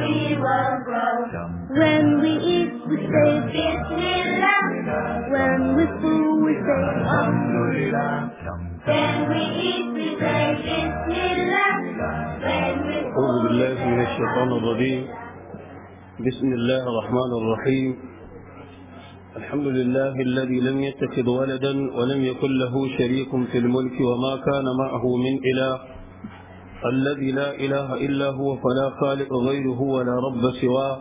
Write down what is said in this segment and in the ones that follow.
we will grow. When we eat, we say Bismillah. When we fool, we say Alhamdulillah. When we eat, we say Bismillah. When we fool, we say Alhamdulillah. بسم الله الرحمن الرحيم الحمد لله الذي لم يتخذ ولدا ولم يكن له شريك في الملك وما كان معه من إله الذي لا إله إلا هو فلا خالق غيره ولا رب سواه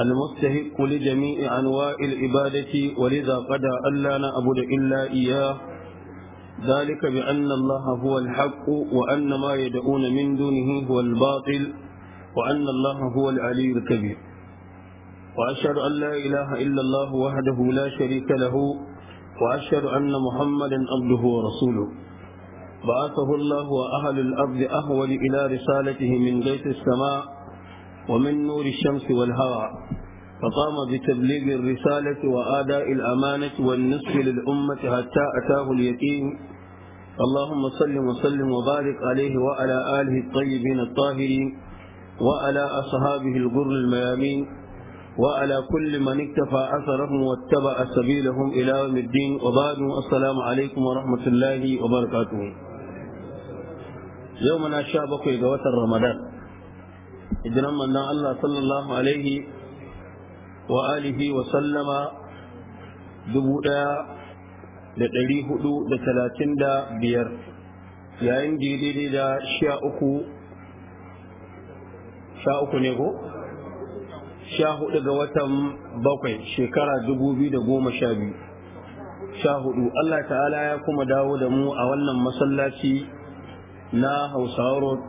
المستحق لجميع أنواع العبادة ولذا قد ألا نعبد إلا إياه ذلك بأن الله هو الحق وأن ما يدعون من دونه هو الباطل وأن الله هو العلي الكبير وأشهد أن لا إله إلا الله وحده لا شريك له وأشهد أن محمدا عبده ورسوله بعثه الله وأهل الأرض أهول إلى رسالته من بيت السماء ومن نور الشمس والهواء فقام بتبليغ الرسالة وآداء الأمانة والنصف للأمة حتى أتاه اليقين اللهم صل وسلم وبارك عليه وعلى آله الطيبين الطاهرين وعلى أصحابه الغر الميامين وعلى كل من اكتفى أثرهم واتبع سبيلهم إلى يوم الدين وبعد السلام عليكم ورحمة الله وبركاته yau muna sha bakwai ga watan ramadan Idan manzon Allah sallallahu alaihi wa alihi wa sallama dubu ɗaya da ɗari hudu da talatin da biyar yayin daidai da sha uku sha uku ne ko sha hudu ga watan bakwai shekara dubu biyu da goma sha biyu sha hudu Allah ta'ala ya kuma dawo da mu a wannan masallaci na Hausawa Road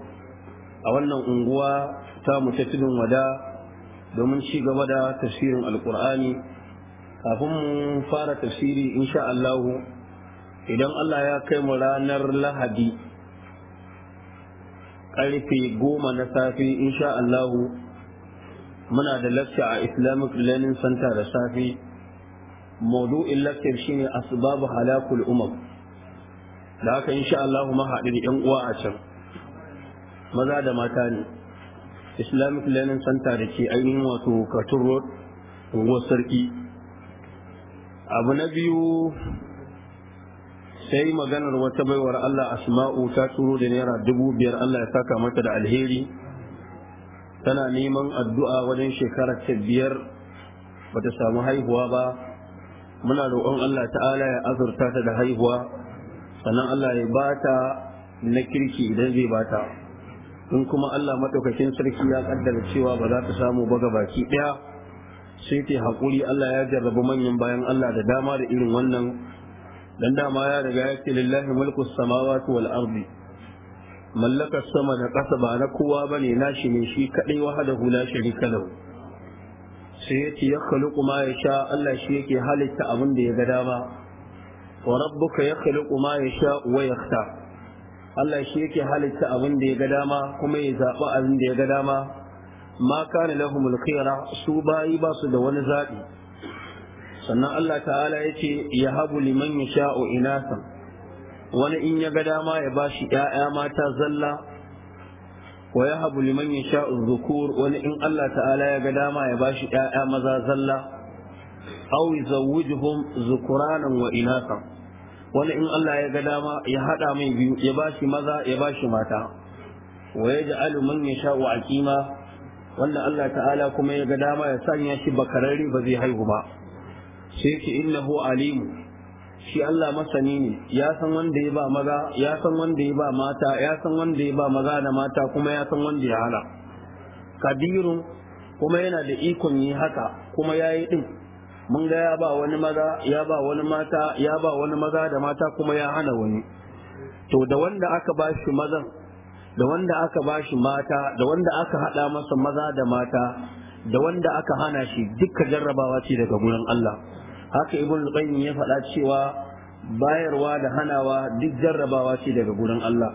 a wannan unguwa ta mu ta wada domin ci gaba da tafsirin alkur'ani kafin mu fara tafsiri insha Allah idan Allah ya kai mu ranar Lahadi karfe goma na safe insha Allah muna da lakta a Islamic Learning Center da safe maudu'in a shine asbabu halakul umar da haka insha Allah ma haɗu da 'yan uwa a can maza da mata ne islamic learning center da ke ainihin wato katun road unguwar sarki abu na biyu sai maganar wata baiwar Allah asma'u ta turo da naira dubu biyar Allah ya saka mata da alheri tana neman addu'a wajen shekarar ta biyar bata samu haihuwa ba muna roƙon Allah ta'ala ya azurta ta da haihuwa sannan Allah ya bata na kirki idan zai bata in kuma Allah madaukakin sarki ya ƙaddara cewa ba za ta samu ba baki Ɗaya, sai ta hakuri Allah ya jarraba manyan bayan Allah da dama da irin wannan dan dama ya riga ya ce lillahi mulku samawati wal ardi mallakar sama da ƙasa ba na kowa bane nashi ne shi kaɗai wahdahu la sharika lahu sai ya ce ya khaluqu ya sha Allah shi yake halitta abin da ya ga dama wa rabbuka yakhluqu kuma ya wa yakhtar Allah shi yake halitta abin da ya ga dama kuma ya zaɓi abin da ya ga dama ma da lahumul khiyara su bayi ba su da wani zaɓi sannan Allah ta'ala yace yahabu liman yasha'u inasan wani in ya ga dama ya bashi ƴaƴa mata zalla wa yahabu liman yasha'u wani in Allah ta'ala ya ga dama ya bashi ƴaƴa maza zalla aw yuzawwijuhum zukuranan wa wani in Allah ya ga dama ya haɗa mai biyu ya ba shi maza ya ba shi mata wa ya ja'alu ya sha wa aqima wanda Allah ta'ala kuma ya ga dama ya sanya shi bakararri ba zai haihu ba sai ki innahu alimu shi Allah masani ne ya san wanda ya ba maza ya san wanda ya ba mata ya san wanda ya ba maza da mata kuma ya san wanda ya hana kadirun kuma yana da ikon yi haka kuma ya yi ɗin mun ga ya ba wani maza ya ba wani mata ya ba wani maza da mata kuma ya hana wani to da wanda aka ba shi mazan da wanda aka ba shi mata da wanda aka hada masa maza da mata da wanda aka hana shi duka jarrabawa ce daga gurin Allah haka ibn qayyim ya faɗa cewa bayarwa da hanawa duk jarrabawa ce daga gurin Allah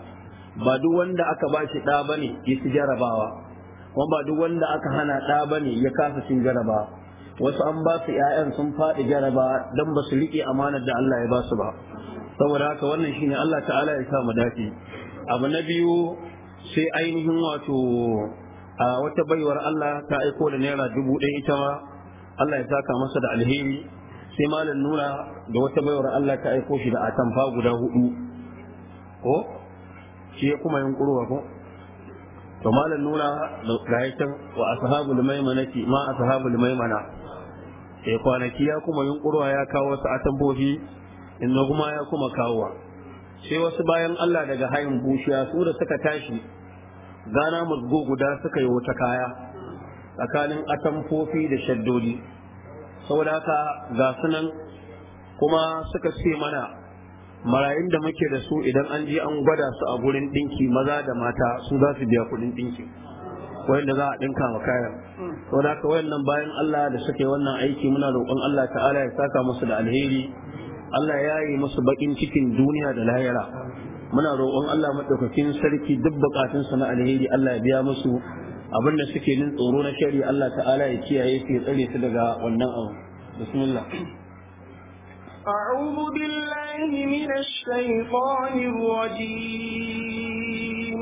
ba duk wanda aka ba shi ɗa bane ya ci jarrabawa kuma ba duk wanda aka hana ɗa bane ya kasa cin jarrabawa wasu an ba su ƴaƴan sun faɗi jaraba don ba su riƙe amanar da Allah ya ba su ba saboda haka wannan shine Allah ta'ala ya sa mu dace abu na biyu sai ainihin wato a wata baiwar Allah ta aiko da naira dubu ɗaya ita ma Allah ya saka masa da alheri sai malam nuna da wata baiwar Allah ta aiko shi da atamfa guda hudu ko shi ya kuma yunkurwa ko to malam nuna da gayatan wa ashabul maimanati ma ashabul maimana ya eh, kwanaki ya kuma yunkurwa ya kawo wasu atambofi inda kuma ya kuma kawowa sai wasu bayan Allah daga hayin bushiya su da suka tashi gana musgo guda suka yi wata kaya tsakanin atamfofi da shaddodi saboda haka ga sunan kuma suka ce mana marayun da muke da su idan an je an gwada su a gurin dinki maza da mata su za su biya kuɗin dinki wanda za a dinka wa kayan to da ka wayannan bayan Allah da suke wannan aiki muna roƙon Allah ta'ala ya saka musu da alheri Allah ya yi musu bakin cikin duniya da lahira muna roƙon Allah madaukakin sarki duk bukatun su na alheri Allah ya biya musu abin da suke nin tsoro na shari Allah ta'ala ya kiyaye su ya tsare su daga wannan abu bismillah أعوذ بالله من الشيطان الرجيم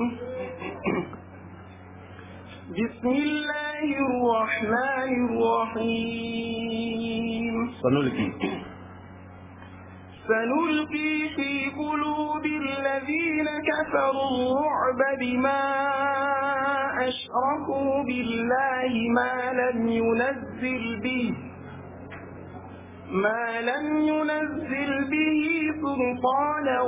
بسم الله الرحمن الرحيم سنلقي سنلقي في قلوب الذين كفروا الرعب بما أشركوا بالله ما لم ينزل به ما لم ينزل به سلطانا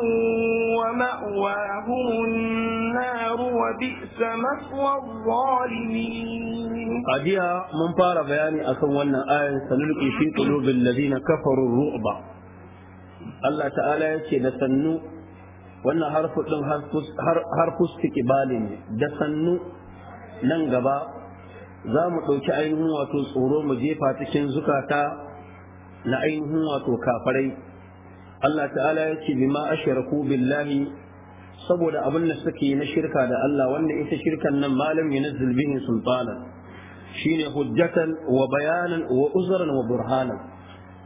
ومأواهم النار النار وبئس مثوى الظالمين أجيها من فار بياني أكون آية سنلقي في قلوب الذين كفروا الرعب الله تعالى يتي sannu wannan harfin harfus tikibali ne da sannu nan gaba za mu ɗauki ainihin wato tsoro mu jefa cikin zukata na ainihin wato kafarai Allah ta'ala ya ce bima asharaku billahi saboda abin da suke na shirka da Allah wanda ita shirkan nan malam yunazzil bihi sultanan shine hujjatan wa bayanan wa uzran wa burhanan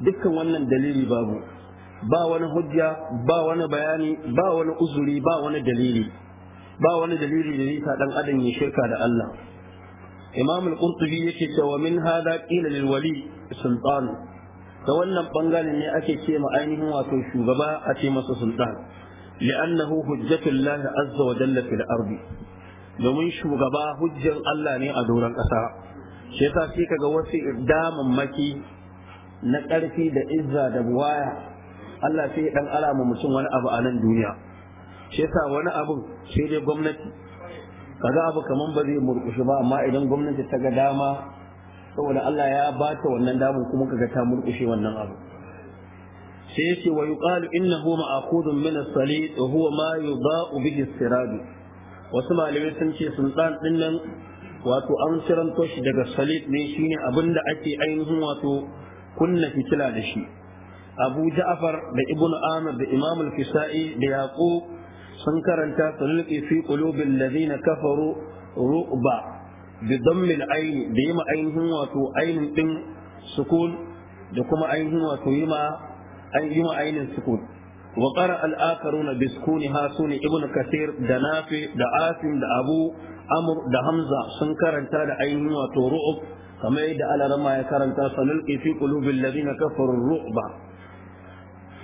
dukkan wannan dalili babu ba wani hujja ba wani bayani ba wani uzuri ba wani dalili ba wani dalili da yasa dan adam ya shirka da Allah Imam al-Qurtubi yake cewa min hada qila lil wali sultan da wannan bangaren ne ake ce ma ainihin wato shugaba a ce masa sultan li'annahu hujjatullahi azza wa jalla fil ardi domin shugaba hujjan Allah ne a doron ƙasa shi yasa sai kaga wasu damammaki na ƙarfi da izza da buwaya Allah sai ya dan alama mutum wani abu a nan duniya shi yasa wani abu sai dai gwamnati kaga abu kaman ba zai murkushe ba amma idan gwamnati ta ga dama saboda Allah ya bata wannan damar kuma kaga ta murkushe wannan abu sai yace wa yuqalu innahu ma'khudun min as-salid wa huwa ma yudha'u bihi as-sirad wasu malamai sun ce sultan din nan wato an ciranto shi daga salid ne shine abinda ake ainihin wato kunna fitila da shi abu ja'far da ibnu amir da imam al-kisai da yaqub sun karanta sulqi fi qulubil ladina kafaru ru'ba bi dammi ayn da yima ainihin wato ainin din sukun da kuma ainihin wato yima أي عين سكون وقرأ الآخرون بسكونها سوني ابن كثير دا نافع دا عاصم دا أبو أمر دا همزة سنكر انتا دا عين وترعب كما يدى على رما يكرنتا سنلقي في قلوب الذين كفروا الرعب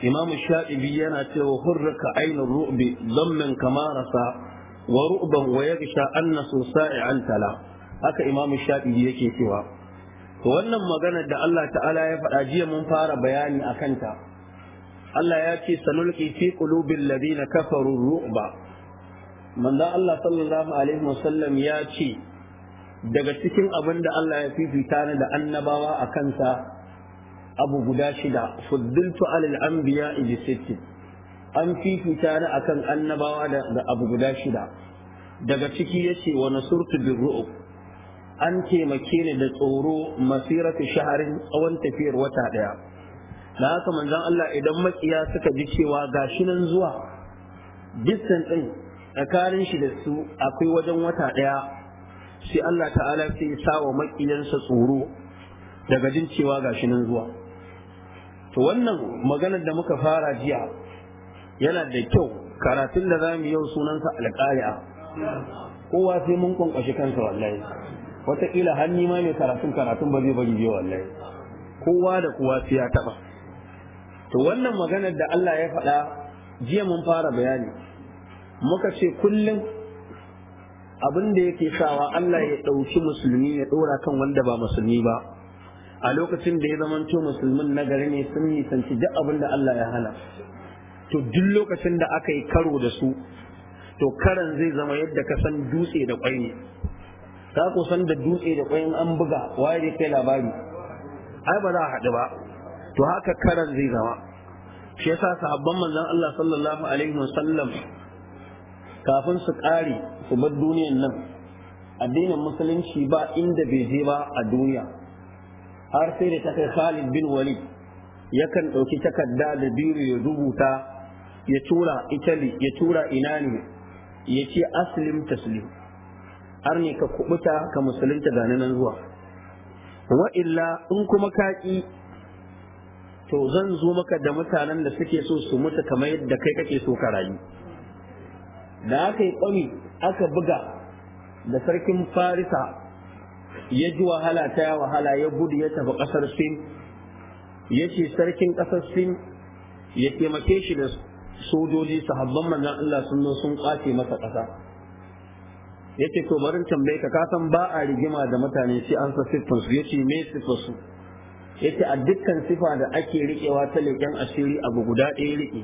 إمام الشائبي يناتي وحرك عين الرعب ضما كما رسى ورعبا ويغشى أنس سائعا تلا هكا إمام الشائبي يكي سوا wannan maganar da Allah ta'ala ya faɗa jiya mun fara bayani a kanta Allah ya ce sanulqi fi qulubil ladina kafaru ru'ba manzo Allah sallallahu alaihi wasallam ya ce daga cikin abin da Allah ya fifita ni da annabawa a kansa abu guda shida fuddiltu alal anbiya bi sittin an fifita ni akan annabawa da abu guda shida daga ciki yace wa nasurtu birru'ub an taimake ni da tsoro masiratu shaharin tsawon tafiyar wata daya da haka manzon Allah idan makiya suka ji cewa ga nan zuwa distan ɗin tsakanin shi da su akwai wajen wata ɗaya, sai Allah ta'ala sai ya sawa makiyansa tsoro daga jin cewa ga nan zuwa to wannan maganar da muka fara jiya yana da kyau karatun da za mu yau sunansa alqari'a kowa sai mun kwankwashi kansa wallahi wataƙila hannu ma mai karatun karatun ba zai bari wallahi kowa da kowa sai ya taɓa to wannan maganar da Allah ya faɗa jiya mun fara bayani muka ce kullum abin da yake sawa Allah ya ɗauki musulmi ya ɗora kan wanda ba musulmi ba a lokacin da ya zamanto musulmin na gari ne sun nisanci duk abin da Allah ya hana to duk lokacin da aka yi karo da su to karan zai zama yadda ka san dutse da kwai ne ka ku san da dutse da kwai an buga waye da kai labari ai ba za a haɗu ba to haka karan zai zama shi yasa sahabban manzon Allah sallallahu alaihi wasallam kafin su kare su bar duniyan nan addinin musulunci ba inda bai je ba a duniya har sai da ta kai Khalid bin Walid yakan ɗauki takarda da biyu ya rubuta ya tura Italy ya tura ina ne ya ce aslim taslim har ne ka kubuta ka musulunta ga nan zuwa wa illa in kuma kaki to zan zo maka da mutanen da suke so su mutu kamar yadda kai kake so ka rayu da aka yi kwami aka buga da sarkin farisa ya ji wahala ta wahala ya gudu ya tafi ƙasar sin ya ce sarkin ƙasar sin ya taimake shi da sojoji sahabban manzan Allah sun zo sun kwace masa ƙasa ya ce to barin tambaye ka kasan ba a rigima da mutane sai an sa siffinsu ya ce me siffinsu yace a dukkan sifa da ake riƙewa ta leƙen asiri abu guda ɗaya riƙe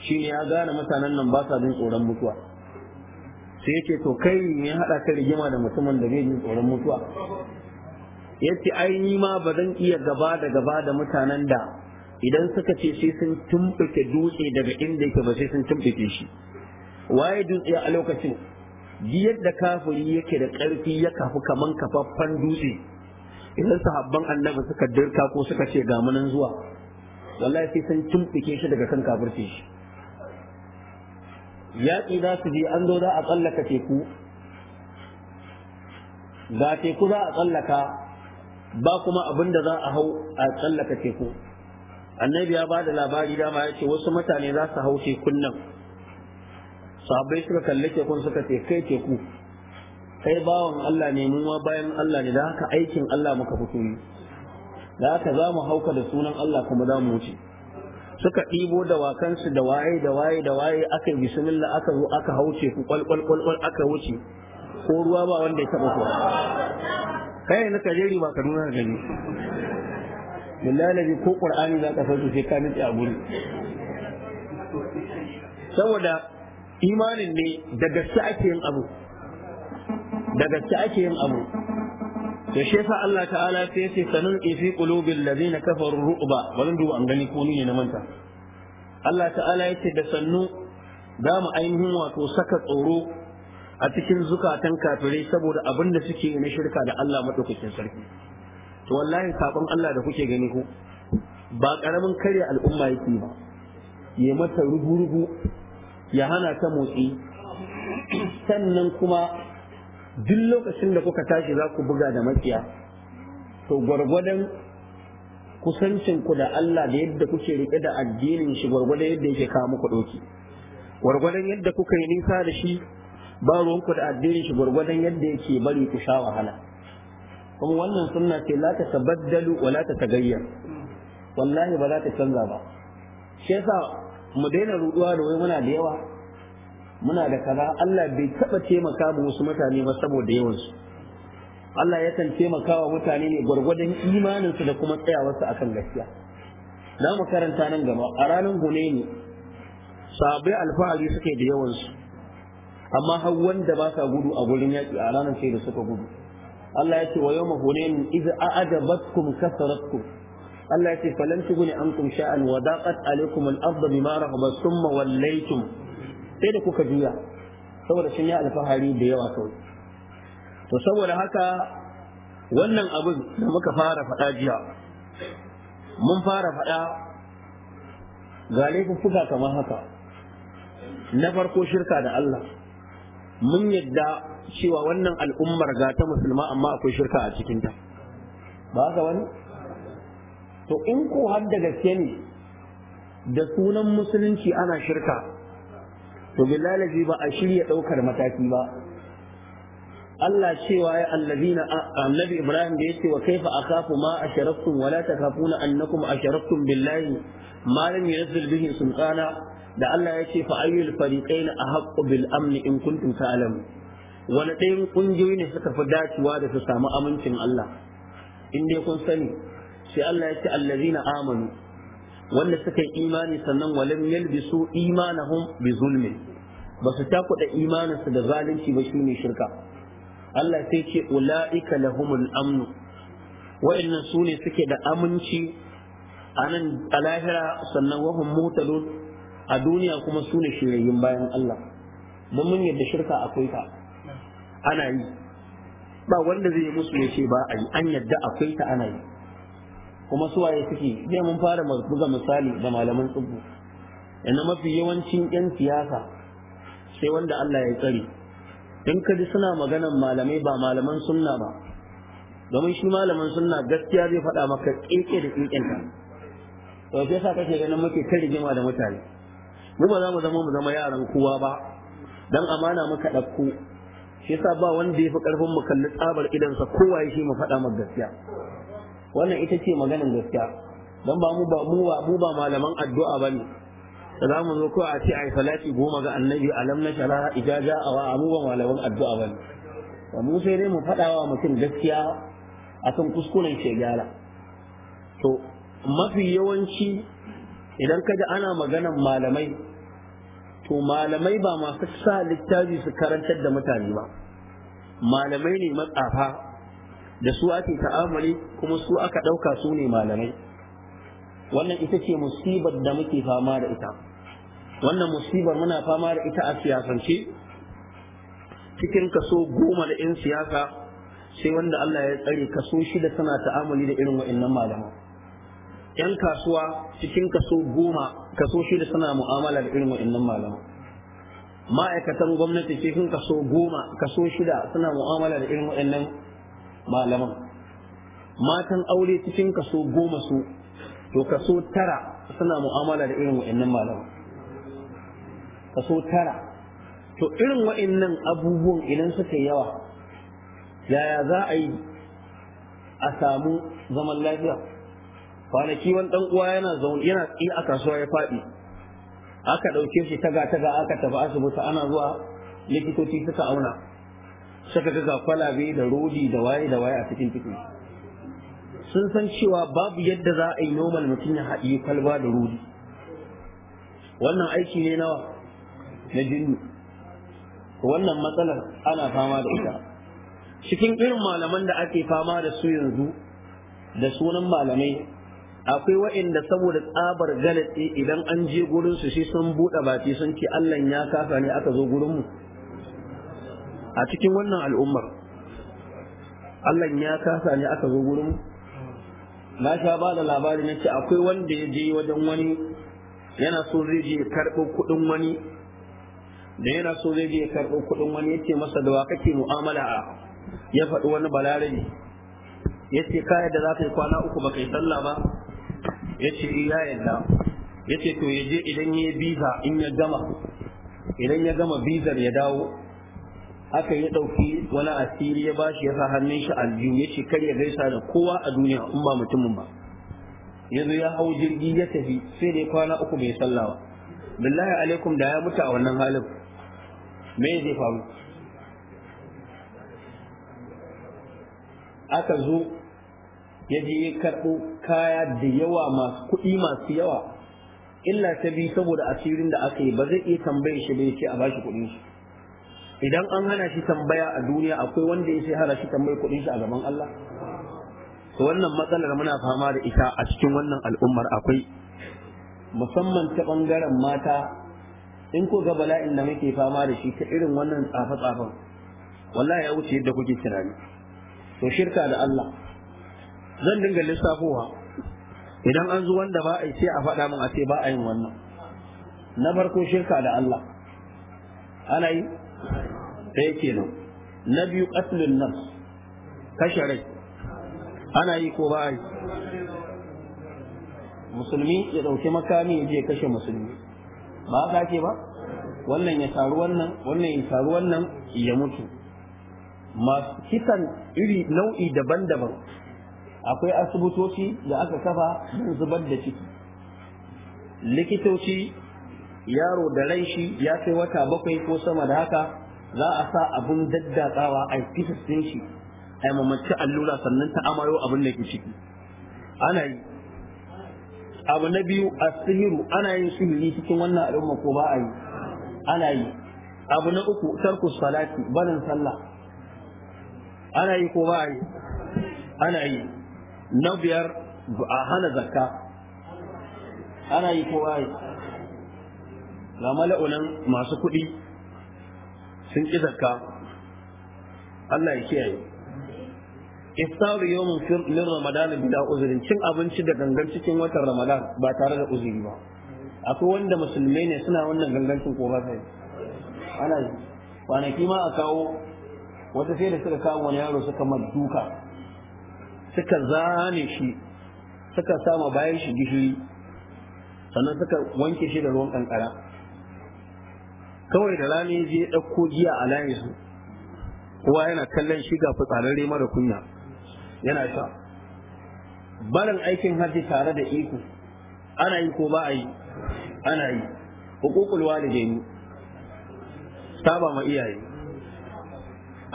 shi ne ya gane mutanen nan ba sa jin tsoron mutuwa sai yace to kai ne haɗa ka rigima da mutumin da zai jin tsoron mutuwa yace ai ni ma ba zan iya gaba da gaba da mutanen da idan suka ce sai sun tumɓuke dutse daga inda yake ba sai sun tumɓuke shi waye dutse a lokacin yadda kafiri yake da ƙarfi ya kafu kaman kafaffan dutse idan sahabban annabi suka dirka ko suka ce ga munan zuwa wallahi sai sun tumɓuke shi daga kan kafirce shi yaƙi za su je an zo za a tsallaka teku ga teku za a tsallaka ba kuma abin da za a hau a tsallaka teku annabi ya ba da labari dama ya ce wasu mutane za su hau tekun nan sahabbai suka kalli tekun suka ce kai teku kai bawan Allah ne mu ma bayan Allah ne da haka aikin Allah muka fito yi da haka za mu hauka da sunan Allah kuma za mu wuce suka ɗibo da wakansu da waye da waye da waye aka bismillah aka zo aka hauce ku kwalkwal kwalkwal aka wuce ko ruwa ba wanda ya taɓa ku kai na kajeri ba ka nuna gani billahi ko qur'ani za ka sauke sai ka nutsi a guri saboda imanin ne da gaske ake yin abu da gaske ake yin abu to shi yasa Allah ta'ala sai yace sanun fi qulubil ladina kafaru ru'ba wannan duba an gani ko ne na manta Allah ta'ala yace da sannu za mu ainihin wato saka tsoro a cikin zukatan kafirai saboda abin da suke na shirka da Allah madaukakin sarki to wallahi sabon Allah da kuke gani ko ba karamin karya al'umma yake ba ya mata rubu-rubu, ya hana ta motsi sannan kuma duk lokacin da kuka tashi za ku buga da makiya to gwargwadon ku da Allah da yadda kuke riƙe da addinin shi gwargwadon yadda yake kawo muku ɗauki gwargwadon yadda kuka yi nisa da shi ba ruwanku da addinin shi gwargwadon yadda yake bari ku sha wahala kuma wannan sunna ce la ta tabaddalu wa la ta tagayyar wallahi ba za ta canza ba shi yasa mu daina ruɗuwa da wai muna da yawa muna da kaza Allah bai taɓa taimaka mu wasu mutane ba saboda yawansu Allah yakan taimaka wa mutane ne gwargwadon imaninsu da kuma tsayawarsu akan gaskiya Na mu karanta nan gaba a ranar ne sabai alfahari suke da yawansu amma har wanda ba sa gudu a gurin yaƙi a ranar sai da suka gudu Allah ya ce wa yawma hunain iz a'adabatkum kasaratkum Allah ya ce guni an kum sha'an wa daqat alaykum al-ardu bima rahabtum thumma wallaytum sai da kuka juya saboda sun yi alfahari da yawa kawai to saboda haka wannan abin da muka fara faɗa jiya mun fara faɗa ga laifuffuka kamar haka na farko shirka da Allah mun yadda cewa wannan al'ummar ga ta musulma amma akwai shirka a cikinta ba haka wani to in ko har da gaske ne da sunan musulunci ana shirka to billahi ba a shirya ɗaukar mataki ba Allah cewa ya allazina annabi Ibrahim da ya ce wa kaifa kafu ma asharaktum wala takhafuna annakum asharaktum billahi ma lam yunzil bihi sultana da Allah yace fa ayyul fariqain a bil amn in kuntum ta'lamun wani ɗayan ƙungiyoyi ne suka fi dacewa da su samu amincin Allah in dai kun sani sai Allah ya ce allazina amanu wanda suka yi imani sannan walam yalbisu imanahum bi zulmin ba su takuda imaninsu da zalunci ba ne shirka Allah sai ce ula'ika lahumul amnu wa'annan su ne suke da aminci a nan a lahira sannan wahum mutalun a duniya kuma su ne shirayin bayan Allah don mun yadda shirka akwai ta ana yi ba wanda zai yi musu ya ce ba a yi an yadda akwai ta ana yi kuma su waye suke Jiya mun fara buga misali da malaman tsibbu yana mafi yawancin 'yan siyasa sai wanda Allah ya tsare in ka ji suna maganan malamai ba malaman sunna ba domin shi malaman sunna gaskiya zai faɗa maka ƙinƙe da ƙinƙinta to sai sa kake ganin muke ta rigima da mutane mu ba za mu zama mu zama yaran kowa ba dan amana muka ɗauko shi yasa ba wanda ya fi ƙarfin mu kalli tsabar idansa kowa ya shi mu faɗa maka gaskiya wannan ita ce maganan gaskiya dan ba mu ba mu ba mu ba malaman addu'a bane da za mu zo ko a ce a yi salati goma ga annabi a lamna shara ijaja a wa abubuwan malaman addu'a ba ne. mu sai dai mu faɗa wa mutum gaskiya akan kuskuren shi gyara to mafi yawanci idan kaji ana maganan malamai to malamai ba masu sa littafi su karantar da mutane ba malamai ne matsafa da su ake ta'amali kuma su aka ɗauka su ne malamai wannan ita ce musibar da muke fama da ita wannan musibar muna fama da ita a siyasance cikin kaso goma da 'yan siyasa sai wanda Allah ya tsare kaso shida tana ta'amali da irin wa'annan malaman 'yan kasuwa cikin kaso goma kaso shida suna mu'amala da irin wa'annan malaman ma'aikatan gwamnati cikin kaso goma kaso shida suna mu'amala da irin wa'annan malaman matan aure cikin kaso goma su to kaso tara suna mu'amala da irin wa'annan malaman kaso tara to irin wa'annan abubuwan idan suka yi yawa yaya za a yi a samu zaman lafiya kwanaki wani dan uwa yana zaune yana tsi a kasuwa ya faɗi aka ɗauke shi taga taga aka tafi asibiti ana zuwa likitoci suka auna suka ga kwalabe da rodi da waye da waye a cikin ciki sun san cewa babu yadda za a yi normal mutum ya haɗi kwalba da rodi wannan aiki ne nawa na jinni wannan matsalar ana fama da ita cikin irin malaman da ake fama da su yanzu da sunan malamai akwai wa'inda saboda tsabar galaɗe idan an je gurin su shi sun buɗe baki sun ce Allah ya kafa ne aka zo gurin mu a cikin wannan al'ummar Allah ya kafa ne aka zo gurin mu na sha ba da labari na ce akwai wanda ya je wajen wani yana so zai je karɓo kuɗin wani da yana so zai je ya karɓo kuɗin wani yace masa da wa kake mu'amala a ya faɗi wani balarabi yace ka yadda za ka yi kwana uku baka yi sallah ba yace eh, ya yadda ce to yaje idan ya biza in ya gama idan ya gama bizar ya dawo aka ya ɗauki wani asiri ya bashi ya sa hannun shi aljihu ya ce kar ya gaisa da kowa a duniya in ba mutumin ba yanzu ya hau jirgi ya tafi sai da kwana uku bai sallawa billahi alaikum da ya mutu a wannan halin me zai faru aka zo ya je ya karɓo kaya da yawa masu kuɗi masu yawa illa ta bi saboda asirin da aka yi ba zai iya tambaye shi bai ce a ba kuɗin shi idan an hana shi tambaya a duniya akwai wanda ya sai hana shi tambaye kuɗin shi a gaban Allah to wannan matsalar muna fama da ita a cikin wannan al'ummar akwai musamman ta bangaren mata in ko ga bala'in da muke fama da shi ta irin wannan tsafe-tsafen wallahi ya wuce yadda kuke tunani to shirka da Allah zan dinga lissafowa idan an zo wanda ba a yi sai a faɗa min a ce ba a yin wannan na farko shirka da Allah ana yi yake nan na biyu qatlun nas kashe rai ana yi ko ba a yi musulmi ya ɗauki makami ya je kashe musulmi ba haka ake ba wannan ya taru wannan wannan ya taru wannan ya mutu masu kisan iri nau'i daban-daban akwai asibitoci da aka kafa don zubar da ciki likitoci yaro da rai shi ya kai wata bakwai ko sama da haka za a sa abun daddatsawa a kisan shi a mamaci allura sannan ta amayo abin da ke ciki ana yi abu na biyu a sihiru, ana yin sihiri cikin wannan al'umma ko ba a yi ana yi abu na uku tarku salati barin sallah ana yi ko ba a yi ana yi na biyar a hana zakka ana yi ko ba a yi ga mala'unan masu kuɗi sun ƙi zakka Allah ya kiyaye iftaru yawmin min ramadan bila uzuri cin abinci da gangan cikin watan ramadan ba tare da uzuri ba akwai wanda musulmai ne suna wannan gangancin ko ba sai ana kwanaki ma a kawo wata sai da suka kawo wani yaro suka maduka suka zane shi suka sama bayan shi gishiri sannan suka wanke shi da ruwan kankara kawai da rani zai ɗauko giya a layin su kowa yana kallon shi ga fitsararre mara kunya yana sha barin aikin hajji tare da iko ana yi ko ba a yi ana yi hukukul walidaini saba ma iyaye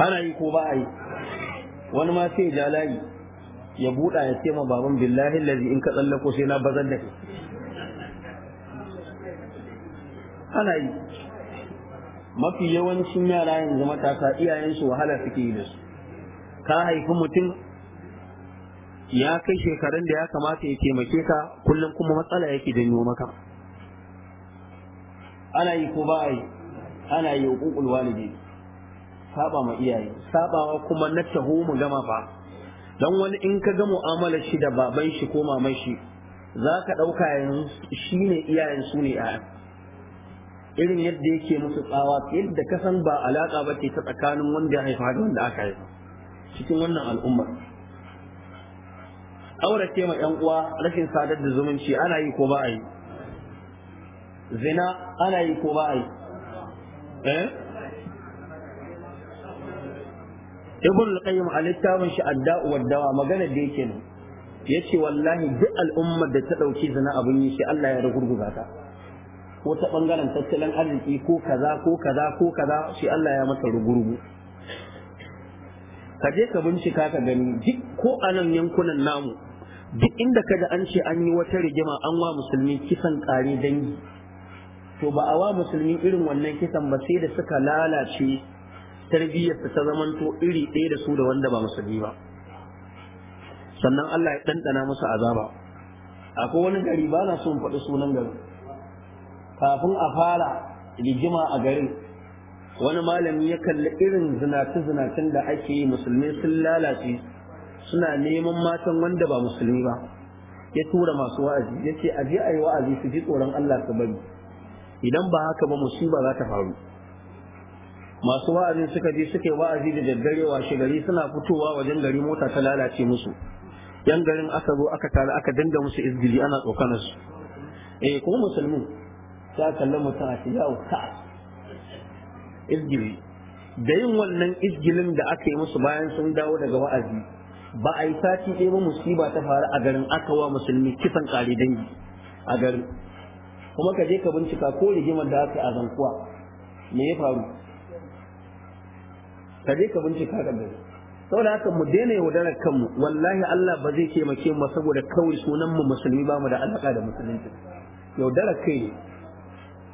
ana yi ko ba a yi wani ma sai ja layi ya buɗa ya ce ma baban billahi lazi in ka tsallako sai na bazar da ana yi mafi yawancin yara yanzu matasa iyayensu wahala suke yi da su ka haifi mutum ya kai shekarun da ya kamata ya taimake ka kullum kuma matsala yake janyo maka ana yi ko ba a yi ana yi hukukul walidi saba ma iyaye wa kuma na taho mu gama fa dan wani in ka ga mu'amalar shi da baban shi ko maman shi za ka ɗauka shi ne iyayen su ne a irin yadda yake musu tsawa yadda ka san ba alaƙa ba ce ta tsakanin wanda ya haifa da wanda aka haifa cikin wannan al'ummar aurace ma yan uwa rashin sadar da zumunci ana yi ko ba a yi zina ana yi ko ba a yi eh ibn al-qayyim al littafin shi adda'u wa dawa magana da yake ne yace wallahi duk al'ummar da ta dauki zina abun yi shi Allah ya rugurguza ta ko bangaren tattalin arziki ko kaza ko kaza ko kaza shi Allah ya mata rugurgu ka je ka bincika ka gani duk ko a nan yankunan namu duk inda kada an ce an yi wata rigima an wa musulmi kisan kare dangi to ba a wa musulmi irin wannan kisan ba sai da suka lalace tarbiyyarsa ta zamanto iri ɗaya da su da wanda ba musulmi ba sannan Allah ya ɗanɗana musu azaba akwai wani gari ba na so in faɗi sunan garin kafin a fara rigima a garin wani malami ya kalli irin zinace-zinacen da ake yi musulmi sun lalace suna neman matan wanda ba musulmi ba ya tura masu wa'azi ya ce aje a yi wa'azi su ji tsoron Allah su bari idan ba haka ba musiba za ta faru masu wa'azi suka je suka yi wa'azi da daddarewa shigari suna fitowa wajen gari mota ta lalace musu yan garin aka zo aka tare aka danda musu izgili ana tsokanar su eh ko musulmi ta kalli mutum a ce yawo ka izgili da yin wannan izgilin da aka yi musu bayan sun dawo daga wa'azi ba a yi sati ɗaya ba musiba ta faru a garin aka wa musulmi kisan kare dangi a garin kuma ka je ka bincika ko rigimar da aka yi a zankuwa me ya faru ka je ka bincika ka gani saboda haka mu daina yaudarar kanmu wallahi Allah ba zai taimake mu saboda kawai sunan mu musulmi ba mu da alaka da musulunci yaudarar kai ne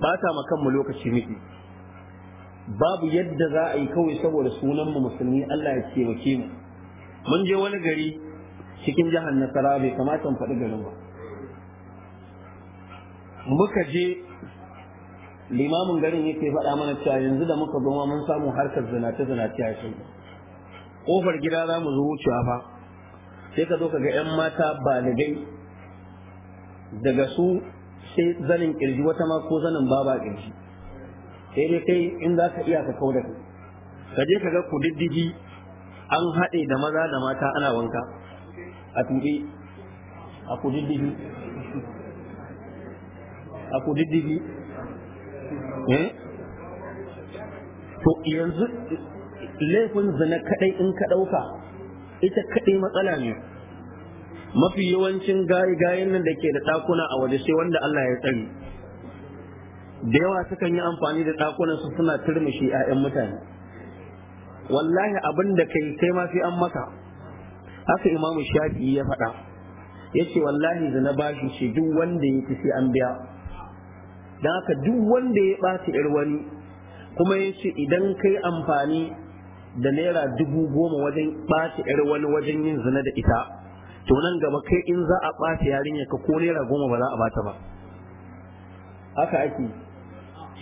ba ta ma kanmu lokaci miki babu yadda za a yi kawai saboda sunan mu musulmi Allah ya taimake mu mun je wani gari cikin jihar Nasarawa bai kamata mu faɗi garin ba muka je limamin garin yake faɗa mana cewa yanzu da muka goma mun samu harkar zinace zinace a shi kofar gida za mu zo wucewa fa sai ka zo ka ga 'yan mata baligai daga su sai zanin kirji wata ma ko zanin baba kirji sai dai kai in za ka iya ka kau da kai ka je ka ga diddigi an haɗe da maza da mata ana wanka a tuɗe a diddigi a kudiddigi eh to yanzu laifin zina kaɗai in ka ɗauka ita kaɗai matsala ne mafi yawancin gaye-gayen nan da ke da ɗakuna a waje sai wanda Allah ya tsari da yawa sukan yi amfani da ɗakunan su suna turmushi 'ya'yan mutane wallahi abin da kai sai ma sai an maka haka imamu shafi ya faɗa ya ce wallahi da na bashi shi duk wanda ya ci sai an biya don haka duk wanda ya ɓata ƴar wani kuma ya ce idan kai amfani da naira dubu goma wajen ɓata ƴar wani wajen yin zina da ita to nan gaba kai in za a ɓata yarinya ka ko naira goma ba za a bata ba haka ake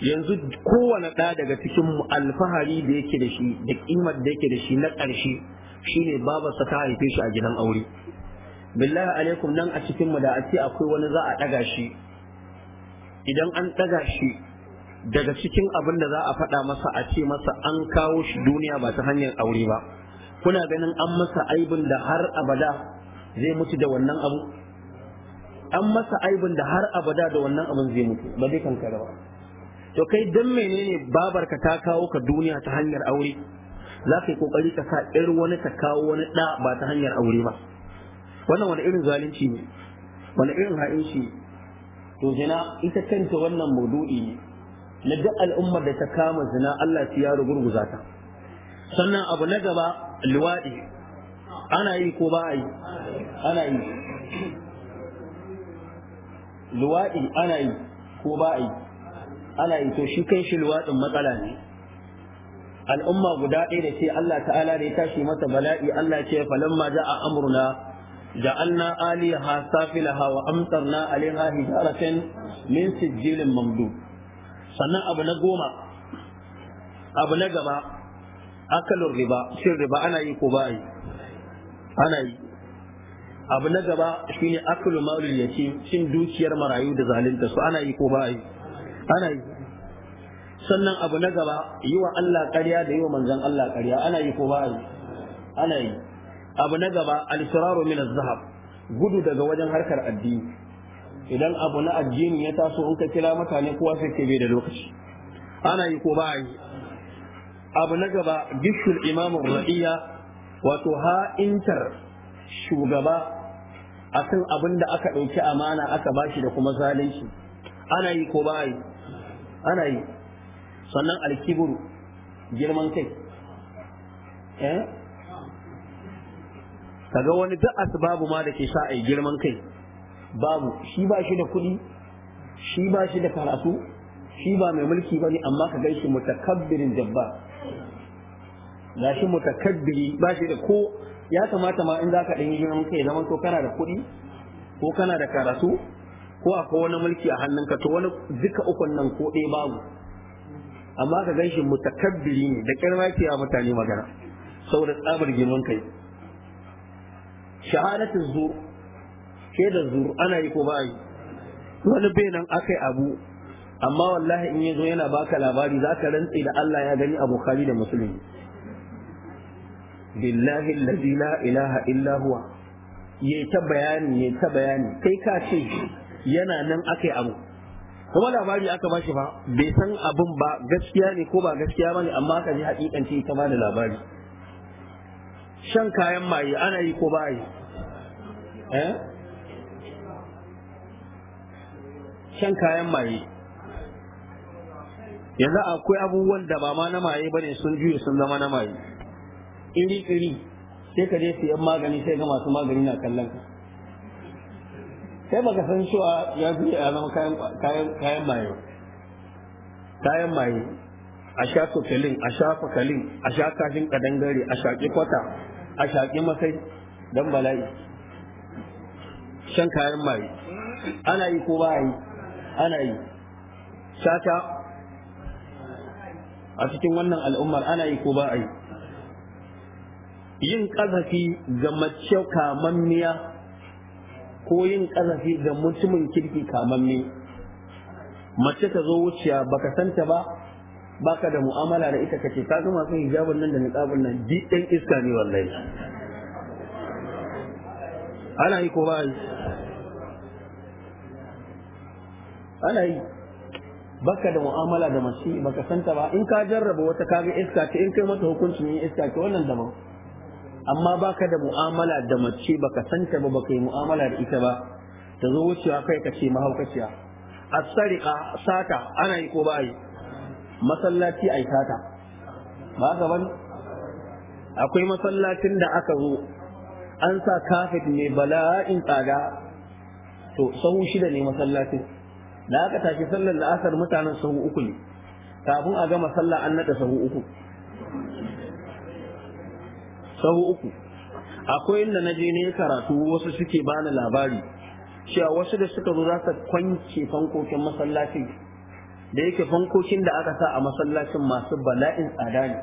yanzu kowane ɗa daga cikin alfahari da yake da shi da kimar da yake da shi na ƙarshe shine babarsa ta haife shi a gidan aure billahi alaikum nan a cikin mu da a akwai wani za a ɗaga shi idan an ɗaga shi daga cikin abin da za a faɗa masa a ce masa an kawo shi duniya ba ta hanyar aure ba kuna ganin an masa aibin da har abada zai mutu da wannan abu an masa aibin da har abada da wannan abin zai mutu ba zai kankara ba to kai dan menene babarka ta kawo ka duniya ta hanyar aure za ka yi kokari ka sa ir wani ta kawo wani da ba ta hanyar aure ba wannan wani irin zalunci ne wani irin ha'inci ne. to zina ita kanta wannan maudu'i ne na duk al'ummar da ta kama zina Allah ya gurguza ta sannan abu na gaba luwaɗi ana yi ko ba a yi ana yi luwaɗi ana yi ko ba a yi ana yi to shi kan shi luwaɗin matsala ne al'umma guda ɗaya da ce Allah ta'ala da ya tashi mata bala'i Allah ce falamma ja'a amruna ja'alna Safi safilaha wa na alaiha hijaratan min sijilin mamdu sannan abu na goma abu na gaba akalin riba shin riba ana yi ko ba yi ana yi abu na gaba shine akalu maulul yatim shin dukiyar marayu da zalunta su ana yi ko ba yi ana yi sannan abu na gaba yi wa Allah ƙarya da yi wa manzan Allah ƙarya ana yi ko ba yi ana yi abu na gaba al-siraru min az-zahab gudu daga wajen harkar addini idan abu na addini ya taso in ka kira mutane kowa sai ke bai da lokaci ana yi ko ba yi abu na gaba bishul imamun ra'iya wato ha'intar shugaba akan abin da aka ɗauki amana aka bashi da kuma zalunci ana yi ko ba yi ana yi sannan alkiburu girman kai eh kaga wani duk asbabu ma da ke sa ai girman kai babu shi ba shi da kuɗi shi ba shi da karatu shi ba mai mulki bane amma ka gaishe mutakabbirin jabba shi mutakabbiri ba shi da ko ya kamata ma in zaka ɗan yi girman kai zaman to kana da kuɗi ko kana da karatu ko akwai wani mulki a hannunka to wani duka ukun nan ko ɗaya babu amma ka gan shi mutakabbiri ne da kirma ke mutane magana saboda tsabar girman kai shahadatin zur da zur ana yi ko ba yi wani nan akai abu amma wallahi in ya zo yana baka labari za ka rantse da Allah ya gani a Bukhari da Musulmi billahi allazi la ilaha illa huwa yayi ta bayani yayi ta bayani kai ka ce yana nan aka yi abu kuma labari aka ba shi ba bai san abin ba gaskiya ne ko ba gaskiya ba ne amma aka ji hakikanci ita ba da labari shan kayan maye ana yi ko ba yi eh? shan kayan maye yanzu akwai abubuwan da ba ma na maye ba ne sun juye sun zama na maye iri-iri sai ka je siyan magani sai ga masu magani na kallon ka kai baka san cewa ya fi ya zama kayan mayo kayan maye a sha kokalin a sha fakalin a sha kashin kadangare a shaƙi kwata a shaƙi masai dan bala'i shan kayan maye ana yi ko bayi yi ana yi shata a cikin wannan al'ummar ana yi ko ba yi yin ƙazafi ga mace kamammiya ko yin ƙazafi ga mutumin kirki kamanni mace ta zo wuciya baka santa ba baka da mu'amala da ita kace ka ga masu hijabin nan da niqabin nan duk ɗan iska ne wallahi ana yi ko ba yi ana yi baka da mu'amala da mace baka santa ba in ka jarraba wata kaga iska ce in kai mata hukuncin yin iska ce wannan daban amma baka da mu'amala da mace baka santa ba baka yi mu'amala da ita ba ta zo wucewa kai ka ce mahaukaciya as a sata ana yi ko ba yi masallaci ai sata ba akwai masallacin da aka zo an sa kafet mai bala'in tsada to sahu shida ne masallacin da aka tashi sallar la'asar mutanen sahu uku ne kafin a gama sallah an nada sahu uku Sau uku akwai inda na je ne karatu wasu suke bani labari cewa wasu da suka zo za su kwance fankokin masallacin da yake fankokin da aka sa a masallacin masu bala'in tsada ne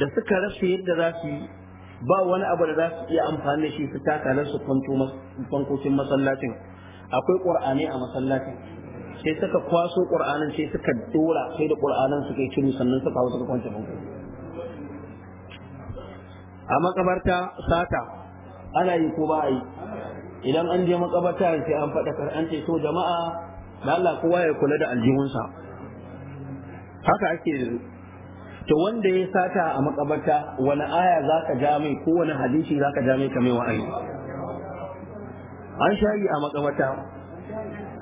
da suka rasa yadda za su yi ba wani abu da za su iya amfani da shi su taka na su kwanto fankokin masallacin akwai ƙur'ani a masallacin sai suka kwaso ƙur'anin sai suka dora sai da ƙur'anin suka yi kiri sannan suka hau suka kwance fankokin a makabarta sata ana yi ko ba a yi idan an je makabarta sai an faɗakar an ce to jama'a da Allah kowa ya kula da aljihunsa haka ake to wanda ya sata a makabarta wani aya za ka ja mai ko wani hadisi za ka ja mai kamar wa'ayi an shayi a makabarta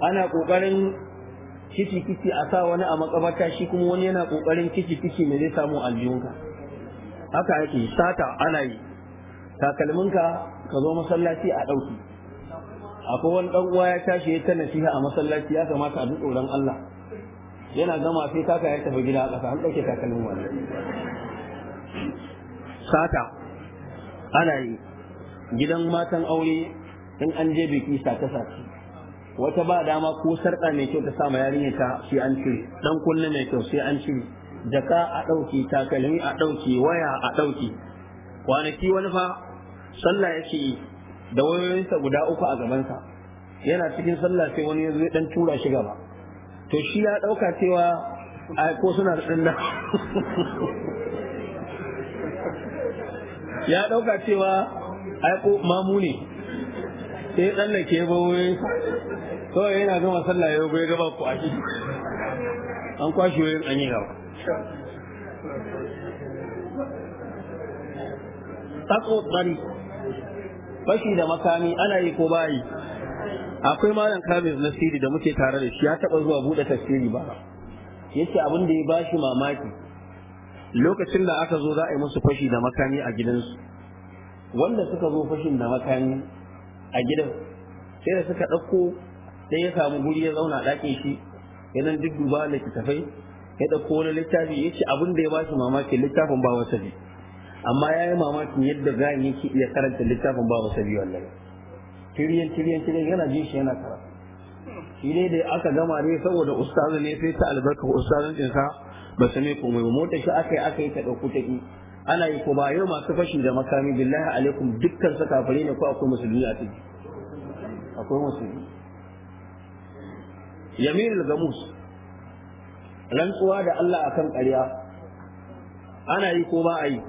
ana kokarin kici kici a sa wani a makabarta shi kuma wani yana kokarin kici kici mai zai samu aljihunka haka ake sata ana yi takalminka ka zo masallaci a ɗauki akwai wani ɗan uwa ya tashi ya ta nasiha a masallaci ya kamata a ji tsoron Allah yana gama sai kaka ya tafi gida a ƙasa an ɗauke takalmin wani sata ana yi gidan matan aure in an je biki sace sace wata ba dama ko sarƙa mai kyau ta sama yarinya ta sai an cire dan kunne mai kyau sai an cire jaka a ɗauki takalmi a ɗauki waya a ɗauki kwanaki wani fa sallah yake da wayoyinsa guda uku a gabansa yana cikin sallah sai wani ya zo dan tura shi gaba to shi ya ɗauka cewa ai ko suna da ɗan ya ɗauka cewa ai ko mamu ne sai ya tsallake ya bawo kawai yana gama sallah ya gaba ku a an kwashe wayoyin an yi gaba tsatso tsari fashi da makami ana yi ko bayi akwai malam kamis na siri da muke tare da shi ya taba zuwa bude tasiri ba ya ce abin da ya bashi mamaki lokacin da aka zo za a yi musu fashi da makami a gidansu wanda suka zo fashin da makami a gidan sai da suka ɗauko sai ya samu guri ya zauna ɗakin shi yanan duk duba littattafai ya ɗauko wani littafi ya ce abin da ya bashi mamaki littafin ba wasa bi amma ya yi mamakin yadda a yake iya karanta littafin ba wasa bi wallahi tiriyan tiriyan tiriyan yana jin shi yana karatu shi ne da aka gama ne saboda ustazu ne sai ta albarka ustazun sa ba su mai komai ba. mota shi aka yi aka yi ta ɗauko ta ki ana yi ko ba yau masu fashi da makami billahi alaikum dukkan su kafare ne ko akwai musulmi a ciki akwai musulmi yamin gamus rantsuwa da Allah a kan ƙarya ana yi ko ba a yi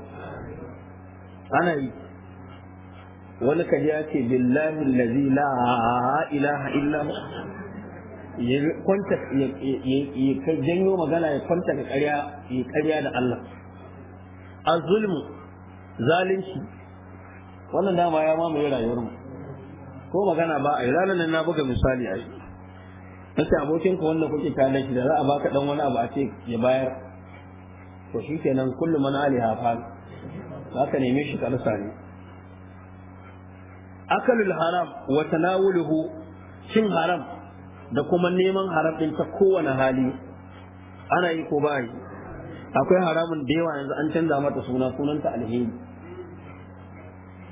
ana yi wani kaji ya ce billahi allazi la ilaha illa ya kwanta ya janyo magana ya kwanta da ƙarya ya ƙarya da Allah azulmu zalunci wannan dama ya mamaye rayuwar mu ko magana ba a yi ranar nan na buga misali a yi sai abokin ku wanda kuke tare shi da za a baka dan wani abu a ce ya bayar to shikenan kullu man alaiha fal ka neme shi ka ne akalul haram wa tanawuluhu cin haram da kuma neman haram din ta kowane hali ana yi ko ba akwai haramun da yawa yanzu an canza mata suna sunanta alheri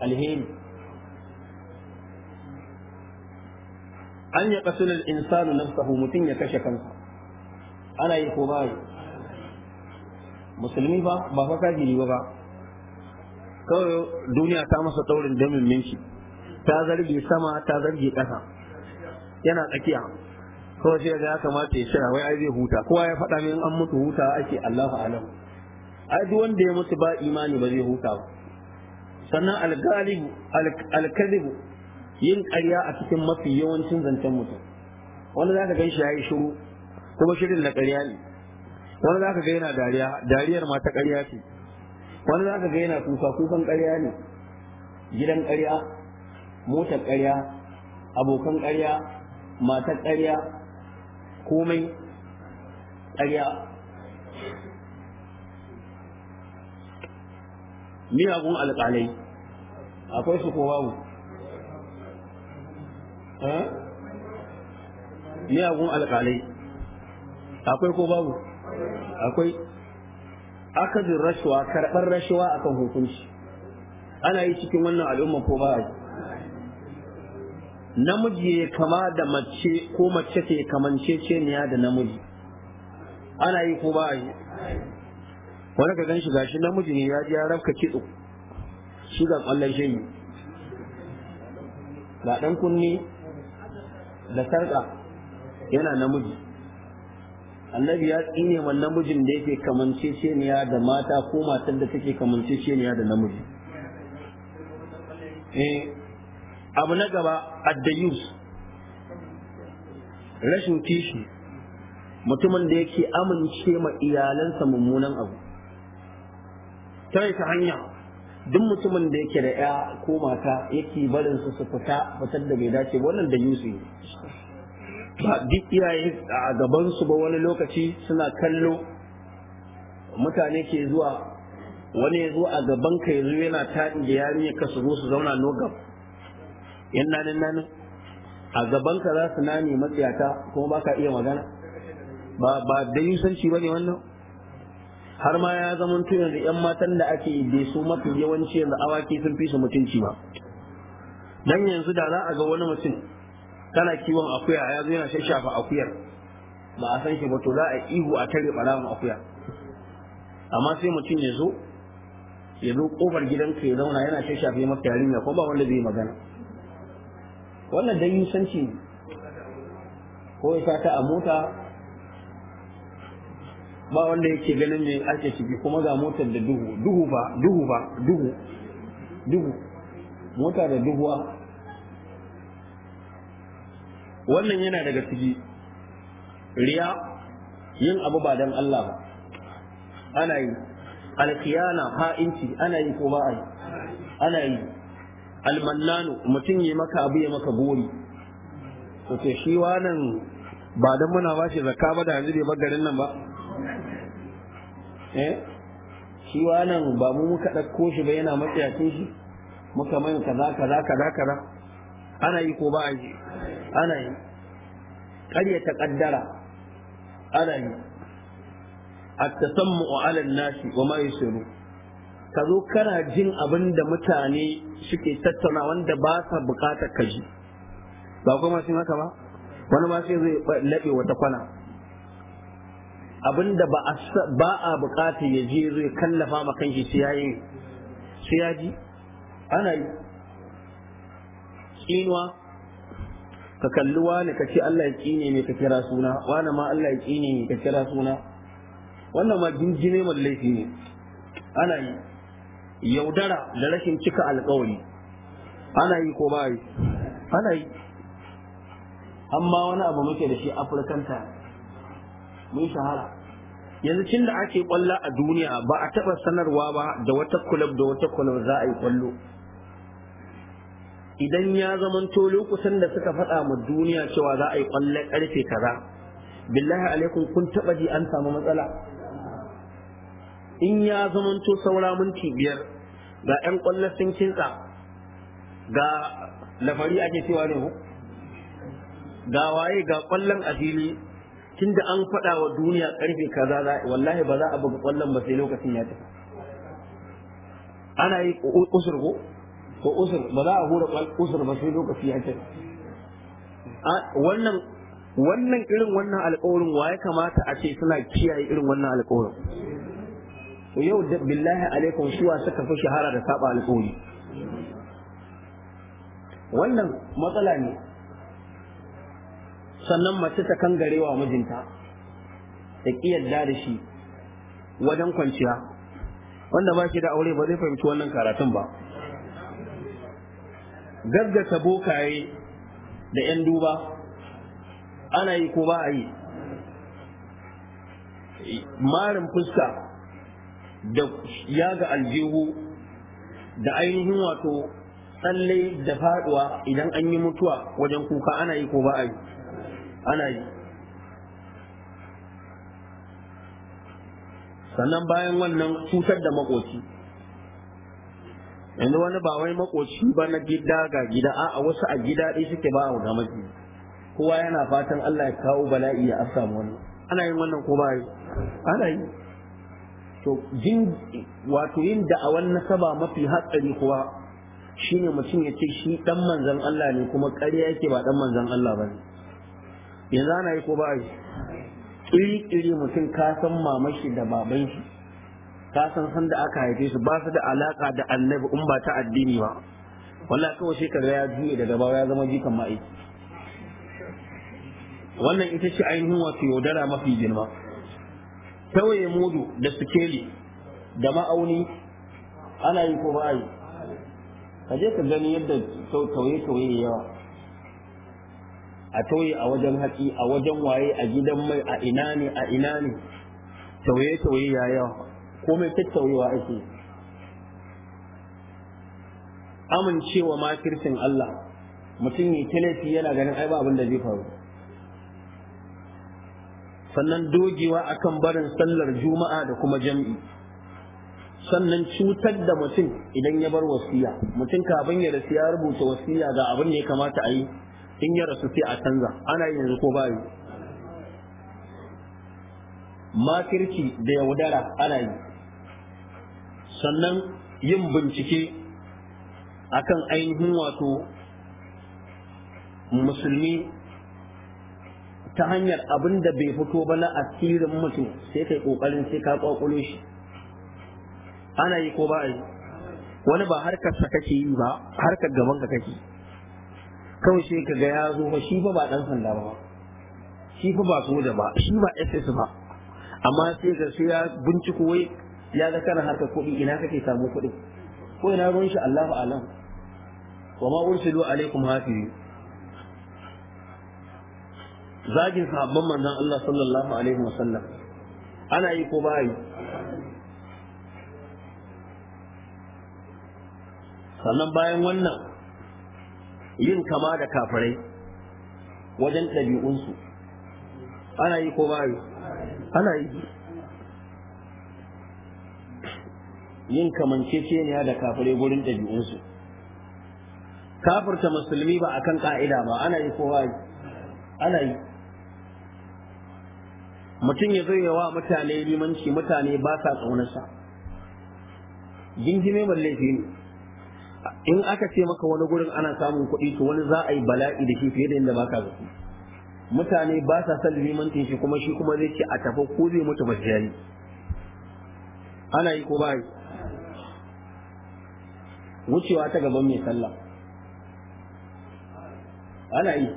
alheri an ya qatul insanu sahu mutum ya kashe kansa ana yi ko bayi musulmi ba ba fa ne ba ba kawai duniya ta masa taurin damin minki ta zarge sama ta zarge ƙasa yana tsakiya kawai sai ya kamata ya shira wai ai zai huta kowa ya faɗa min an mutu huta ake Allahu alam ai duk wanda ya mutu ba imani ba zai huta ba sannan alkalibu alkadibu yin ƙarya a cikin mafi yawancin zancen mutum wanda za ka gan shi ya yi shiru kuma shirin na ƙarya ne wani za ka ga yana dariya dariyar ma ta ƙarya ce wani za ka ga yana kuka kukan ƙarya ne gidan ƙarya motar ƙarya abokan ƙarya matar ƙarya komai ƙarya miyagun alƙalai akwai su ko babu Eh? miyagun alƙalai akwai ko babu akwai akadin rashuwa karɓar rashuwa akan hukunci ana yi cikin wannan al'umma ko ba namiji ya kama da mace ko mace ta kamance ceniya da namiji ana yi ko ba yi wani ka ganshi gashi namiji ne ya ji ya rafka kitso shi ga kwallon shi ga ɗan kunni da sarƙa yana namiji annabi ya tsine wa namijin da yake kamanceceniya da mata ko matar da take kamanceceniya da namiji eh, abu na gaba addayus rashin kishi mutumin da yake amince ma iyalansa mummunan abu ta ta hanya duk mutumin da yake da ya ko mata yake barin su su fita fitar da bai dace wannan da yusu ba duk iyaye a gaban su ba wani lokaci suna kallo mutane ke zuwa wani ya zo a gaban ka yanzu yana taɗi da yarinya ka su zo su zauna nogab yan nanin nanin a gaban ka za su nani matsiyata kuma ba ka iya magana ba ba da yusanci ba ne wannan har ma ya zama yanzu yan matan da ake da su mafi yawanci yanzu awaki sun fi su mutunci ba dan yanzu da za a ga wani mutum kana kiwon akuya ya zo yana shashafa akuyar ba a san shi ba to za a ihu a tare barawan akuya amma sai mutum ya zo ya zo kofar gidanka ya zauna yana shashafe maka yarinya ko ba wanda zai magana wannan dai yusanci ne ko ya sa ta a mota ba wanda yake ganin mai ake ciki kuma ga motar da duhu duhu ba duhu ba duhu duhu mota da duhuwa wannan yana daga ciki riya yin abu ba dan Allah ba ana yi alkiyana ha'inci ana yi ko ba a yi ana yi almannanu mutum ya maka abu ya maka gori to shi wannan ba dan muna ba shi zakka ba da hanzu bai bar garin nan ba Eh? shi wannan ba mu muka ɗauko shi ba yana matsayacin shi muka mai kaza kaza kaza kaza ana yi ko ba a yi ana yi ƙarya ta ƙaddara ana yi at-tasammu ala an nashi wa ma yusiru ka zo kana jin abin da mutane suke tattauna wanda ba sa bukatar ka ji ba kuma sun haka ba wani ma sai zai laɓe wata kwana abinda ba a bukata ya je zai kallafa ma kanshi sai ya ji ana yi tsinuwa ka kalli wani ka ce Allah ya kine ne ka kira suna wani ma Allah ya kine ne ka kira suna wannan ma jinjine mai laifi ne ana yi yaudara da rashin cika alkawari ana yi ko ba yi ana yi amma wani abu muke da shi afirkanta mun shahara yanzu cin da ake kwalla a duniya ba a taɓa sanarwa ba da wata kulab da wata kulab za a yi kwallo idan ya to lokutan da suka faɗa ma duniya cewa za a yi kwallon karfe kaza billahi alaikum kun taɓa ji an samu matsala in ya to saura minti biyar ga 'yan kwallo sun kintsa ga lafari ake cewa ne ga waye ga kwallon asili tunda an faɗa wa duniya karfe kaza za wallahi ba za a buga ƙwallon ba sai lokacin ya tafi ana yi usur ko ko usur ba za a hura usur ba sai lokacin ya tafi wannan wannan irin wannan alƙawarin wa ya kamata a ce suna kiyaye irin wannan alƙawarin to yau da billahi alaikum suwa suka fi shahara da saba alƙawari wannan matsala ne sannan mace ta kan wa mijinta ta yadda da shi wajen kwanciya wanda ba shi da aure ba zai fahimci wannan karatun ba gaggata bokaye da 'yan duba ana yi ko ba a yi marin fuska da yaga aljihu da ainihin wato tsalle da faduwa idan an yi mutuwa wajen kuka ana yi ko ba a yi ana yi sannan bayan wannan cutar da makoci yanzu wani ba wai makoci ba na gida ga gida a wasu a gida ɗaya suke ba a maki kowa yana fatan Allah ya kawo bala'i ya afsa wani ana yin wannan ko ba yi ana yi to jin wato yin da'awar nasaba mafi hatsari kuwa shine mutum ya ce shi dan manzon Allah ne kuma ƙarya yake ba dan manzon Allah ba ne yanzu ana yi ko ba a yi ƙiri mutum ka san mamashi da baban shi ka san san da aka haife su ba su da alaka da annabi in ba ta addini ba wallahi kawai sai kaga ya juye daga baya ya zama jikan ma'aiki wannan ita ce ainihin wasu yaudara mafi girma tawaye mudu da sikeli da ma'auni ana yi ko ba a yi ka je ka gani yadda tauye-tauye yawa a tauye a wajen haƙi a wajen waye a gidan mai a ina ne a ina ne tauye tauye ya yawa ko komai tattauyewa ake amincewa makircin Allah mutum yi talafi yana ganin ai abin da zai faru sannan dogewa akan barin sallar juma'a da kuma jam'i sannan cutar da mutum idan ya bar wasiya mutum kafin ya rasu ya rubuta wasiya ga abin da ya kamata a yi in ya rasu sai a canza ana yin yanzu ko bayu makirci da yaudara ana yi sannan yin bincike akan ainihin wato musulmi ta hanyar abin da bai fito ba na asirin mutum sai kai kokarin sai ka kwakwalo shi ana yi ko ba a yi wani ba harkar sa kake yi ba harkar gaban ka kake kawai sai ka ga ya zo ba shi ba dan sanda ba shi fa ba da ba shi ba SS ba amma sai ga sai ya binciko wai ya ga kana harkar kuɗi ina kake samu kuɗi ko ina ruwan shi Allahu alam wa ma ursilu alaikum hafi zagin sahabban manzon Allah sallallahu alaihi wasallam ana yi ko ba yi sannan bayan wannan yin kama da kafirai wajen ɗabi'unsu ana yi ko bayu ana yi yin kamanceceniya da kafirai gurin ɗabi'unsu kafirta musulmi ba akan ka'ida ba ana yi ko bayu ana yi mutum ya zo yawa mutane limanci mutane ba sa ƙaunarsa gingime mai ne in aka ce maka wani gurin ana samun kuɗi to wani za a yi bala'i da shi fiye da yadda baka zato mutane ba sa son limantin shi kuma shi kuma zai ce a tafi ko zai mutu ba jari ana yi ko ba yi wucewa ta gaban mai sallah ana yi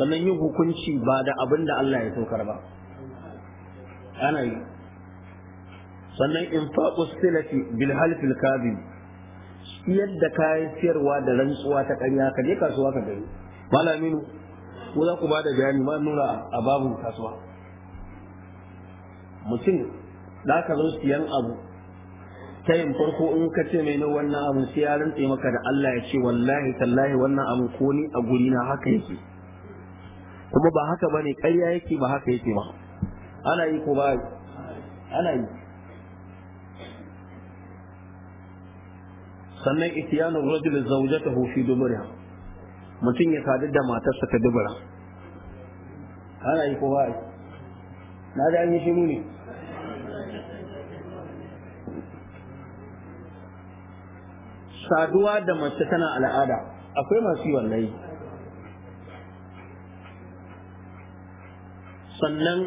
sannan yin hukunci ba da abin da Allah ya saukar ba ana yi sannan infaqus silati bil halfil kadhib yadda kayan siyarwa da rantsuwa ta ƙarya ka je kasuwa ka gani malaminu ko za ku ba da bayani ma nuna a babu kasuwa mutum za ka zo siyan abu ta yin farko in ka ce mai na wannan abu sai ya rantse maka da Allah ya ce wallahi tallahi wannan abu ko ni a guri na haka yake kuma ba haka bane ƙarya yake ba haka yake ba ana yi ko ba ana yi sannan ityanu rajul zawjatahu fi dubriha mutum ya sadu da matarsa ta dubura ana yi ko ba na da an yi shiru ne saduwa da mace tana al'ada akwai masu wallahi sannan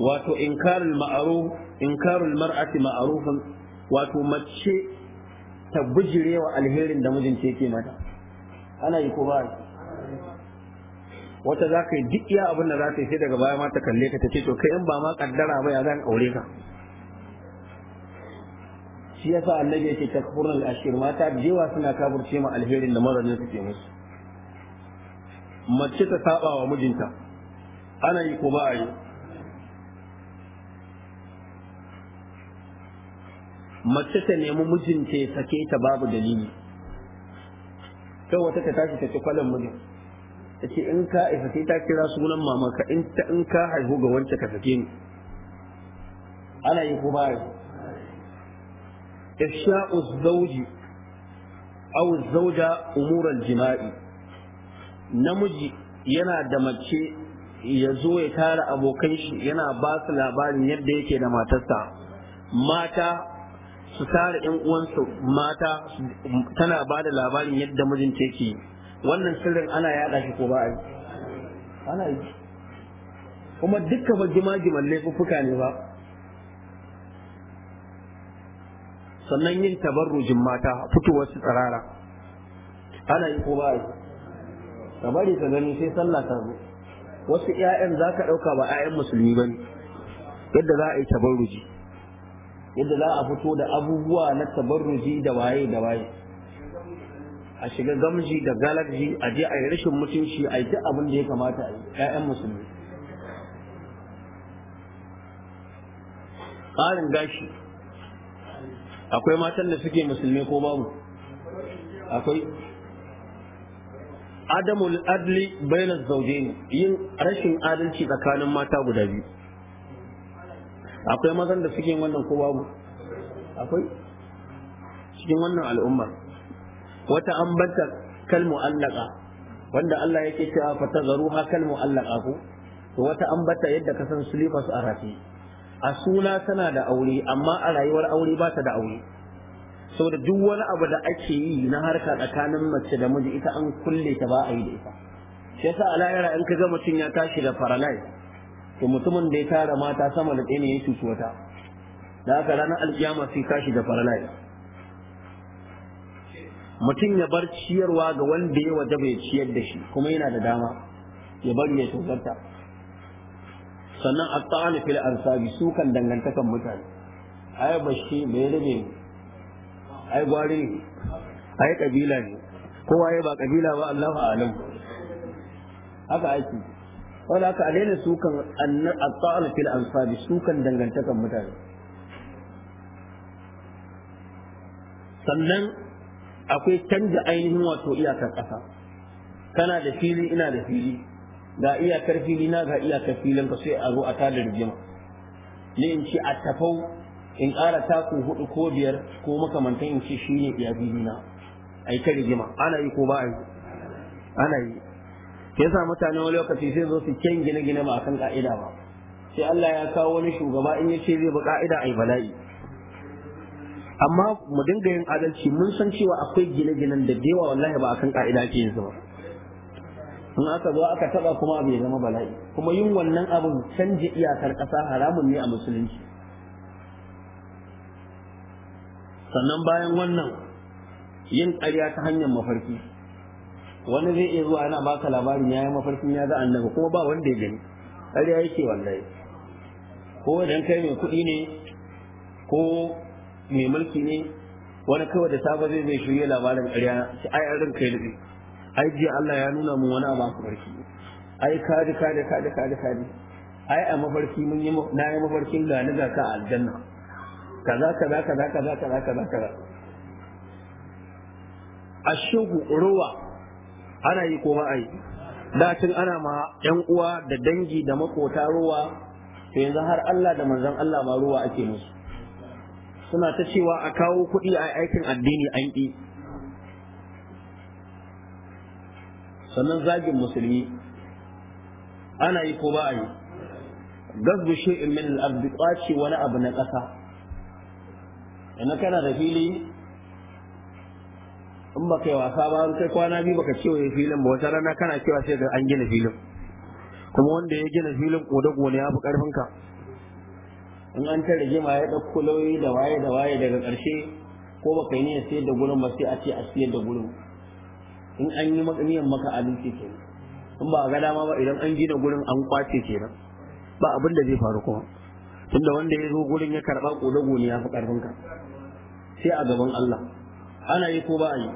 wato inkarul ma'ruf inkarul mar'ati ma'rufan wato mace ta bujire wa alherin da mijinta ke mata ana yi ko ba wata za ka yi duk iya abin da za ka yi sai daga baya ma ta kalle ka ta ce to kai in ba ma kaddara ba ya zan aure ka shi yasa annabi yake takfurun al-ashir mata da yawa suna kafirce ma alherin da su ke musu mace ta saba wa mijinta ana yi ko ba a yi mace ta nemi mijinta ya sake ta babu dalili kai wata ta tashi ta ci kwalan mijin ta ce in ka isa sai ta kira sunan mamaka in ta in ka haihu ga wance ka sake ni ana yi ko ba ifsha'u zauji aw zawja umuran jima'i namiji yana da mace ya zo ya tara abokan shi yana ba su labarin yadda yake da matarsa mata su tara yan uwansu mata tana ba da labarin yadda mijinta yake wannan sirrin ana yaɗa shi ko ba a yi ana yi kuma dukkan ba gima-giman laifuffuka ne ba sannan yin tabarrujin mata fitowar su tsirara ana yi ko ba yi ka bari ka gani sai sallah ta zo wasu 'ya'yan za ka ɗauka ba 'ya'yan musulmi ba ne yadda za a yi tabarruji yadda za a fito da abubuwa na tabarruji da waye da waye a shiga gamji da galaji, a je a yi rashin mutunci a yi abin da ya kamata a yi ƴaƴan musulmi tsarin gashi akwai matan da suke musulmi ko babu akwai adamul adli bainaz zaune yin rashin adalci tsakanin mata guda biyu akwai mazan da suke wannan ko babu akwai cikin wannan al'umma wata an banta kal wanda Allah yake cewa fa ha kalmu allaka ko wata an bata yadda ka san silifas a rafi a suna tana da aure amma a rayuwar aure ba ta da aure saboda duk wani abu da ake yi na harka tsakanin mace da miji ita an kulle ta ba a yi da ita shi yasa a layara in ka ga mutum ya tashi da paralyze to mutumin da ya tara mata sama da ɗaya ne ya cuci wata da aka ranar alƙiyama sai tashi da faralai mutum ya bar ciyarwa ga wanda ya waje bai ciyar da shi kuma yana da dama ya bari ya shugarta sannan a tsawani fil ansabi su kan dangantakan mutane ai bashi mai rabe ai gwari ne ai kabila ne kowa ya ba kabila ba Allahu a'lam haka aiki wala ka alaina daina sukan al-ta'al fil ansabi sukan dangantakan mutane sannan akwai canja ainihin wato iyakar ƙasa kana da fili ina da fili ga iyakar fili na ga iyakar filin ka sai a zo a tada rigima ne in ce a tafau in ƙara taku hudu ko biyar ko makamantan in ce shine iya fili na ai ta rigima ana yi ko ba a yi ana yi yasa mutane wani lokaci sai zo su ken gine-gine ba akan ka'ida ba sai Allah ya kawo wani shugaba in ya ce zai bi ka'ida ai bala'i amma mu dinga yin adalci mun san cewa akwai gine-ginen da dewa wallahi ba akan ka'ida ke yanzu ba in aka zo aka taba kuma abu ya zama bala'i kuma yin wannan abun canje iyakar ƙasa haramun ne a musulunci sannan bayan wannan yin ƙarya ta hanyar mafarki wani zai iya zuwa ana baka labarin ya yi mafarkin ya ga annabi kuma ba wanda ya gani har ya yake wallahi ko idan kai mai kuɗi ne ko mai mulki ne wani kawai da safe zai zai shirya labarin ƙarya shi ai arin kai da ai jiya Allah ya nuna mun wani abu aka barki ai kaji kaji kaji kaji kaji ai a mafarki mun yi na yi mafarkin ga ni ga ka aljanna kaza kaza kaza kaza kaza kaza kaza ruwa ana yi ko ba dacin ana ma yan uwa da dangi da makota ruwa to yanzu har Allah da manzon Allah ma ruwa ake musu suna ta cewa a kawo kuɗi a aikin addini an ƙi sannan zagin musulmi ana yi ko ba gazbu shi'in min al-ardi wani abu na ƙasa ina kana da fili in baka yi wasa ba an kai kwana biyu baka kewaye filin ba wata rana kana cewa sai da an gina filin kuma wanda ya gina filin kodo ne ya fi karfin ka in an tare jima ya ɗauko lauyoyi da waye da waye daga ƙarshe ko baka yi niyyar sayar da gurin ba sai a ce a sayar da gurin in an yi niyyar maka abinci ke in ba a ga dama ba idan an gina gurin an kwace kenan ba abin da zai faru kuma tunda wanda ya zo gurin ya karɓa kodo ne ya fi karfin ka sai a gaban Allah ana yi ko ba a yi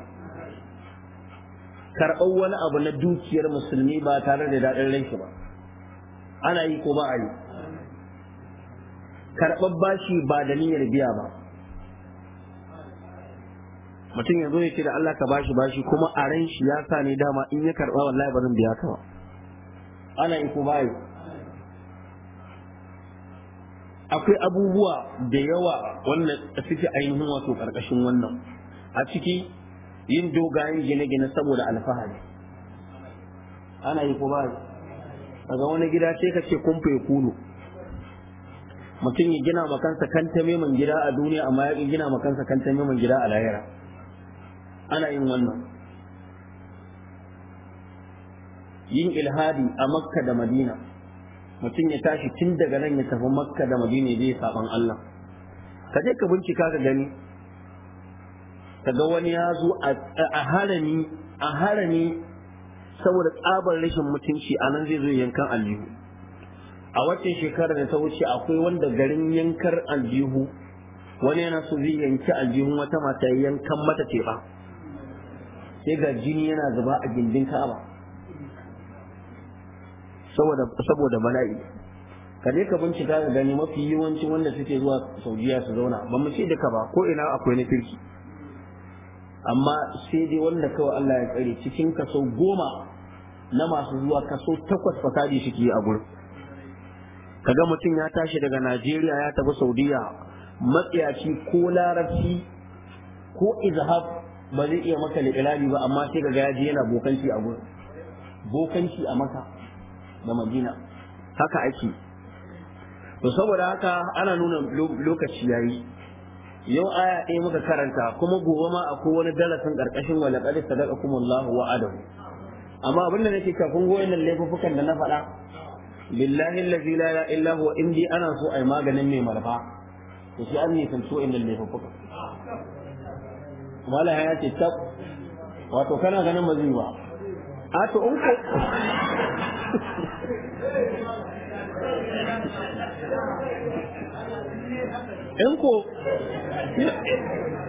karɓar wani abu na dukiyar musulmi ba tare da daɗin ranki ba ana yi ko ba a yi karɓar bashi ba da niyyar biya ba mutum yanzu ya ce da Allah ka bashi bashi kuma a ran shi ya sa ne dama in ya karɓa wallahi ba zan biya ka ba ana yi ko ba yi akwai abubuwa da yawa wannan suke ainihin wato ƙarƙashin wannan a ciki yin dogayen gine-gine saboda alfahari ana yi kuma daga wani gida sai ka ce kun kulu mutum ya gina makansa kansa kanta meman gida a duniya amma ya gina makansa kansa kanta meman gida a lahira ana yin wannan yin ilhadi a makka da madina mutum ya tashi tun daga nan ya tafi makka da madina zai saban Allah ka je ka bincika ka gani kaga wani ya zo a harami a harami saboda tsabar rashin mutunci a nan zai zo yankan aljihu a wacce shekarar da ta wuce akwai wanda garin yankar aljihu wani yana so zai yanki aljihu wata mata ya yankan mata teɓa sai ga jini yana zuba a gindin kaba. saboda bala'i ka je ka bincika da gani mafi yawanci wanda suke zuwa saudiya su zauna ba mu ce duka ba ko ina akwai na kirki amma sai dai wanda kawai Allah ya tsare cikin kaso goma na masu zuwa kaso takwas fasadi suke a gurin ga mutum ya tashi daga Najeriya ya tafi Saudiya matsiyaci ko larabci ko izhab ba zai iya maka liƙilali ba amma sai kaga yaji yana bokanci a gurin bokanci a maka da Madina haka ake to saboda haka ana nuna lokaci yayi yau aya ɗaya muka karanta kuma gobe ma akwai wani darasin ƙarƙashin wa laqad sadaqakum Allahu wa'adahu amma abinda nake kafin goyen nan laifukan da na faɗa billahi allazi la ilaha illa huwa indi ana so ai maganin mai marfa to sai an nisan so inda laifukan mala ya ce tab wato kana ganin ba zai ba a to in ko in ko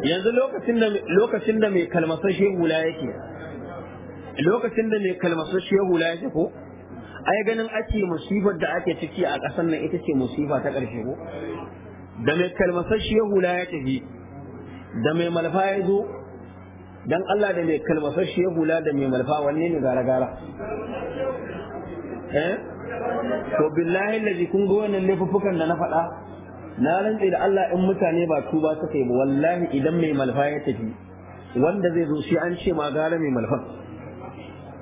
yanzu lokacin da mai kalmasar la yake lokacin da mai kalmasar la yake ko ai ganin ake musifar da ake ciki a ƙasar nan ita ce musifa ta ƙarshe ko da mai kalmasar la ya tafi da mai malfa ya zo dan Allah da mai kalmasar la da mai malfa wanne ne gara gara eh to billahi lazi kun ga wannan laifuffukan da na faɗa na rantse da Allah in mutane ba tuba suka yi ba wallahi idan mai malfa ya tafi wanda zai zo shi an ce ma gara mai malfa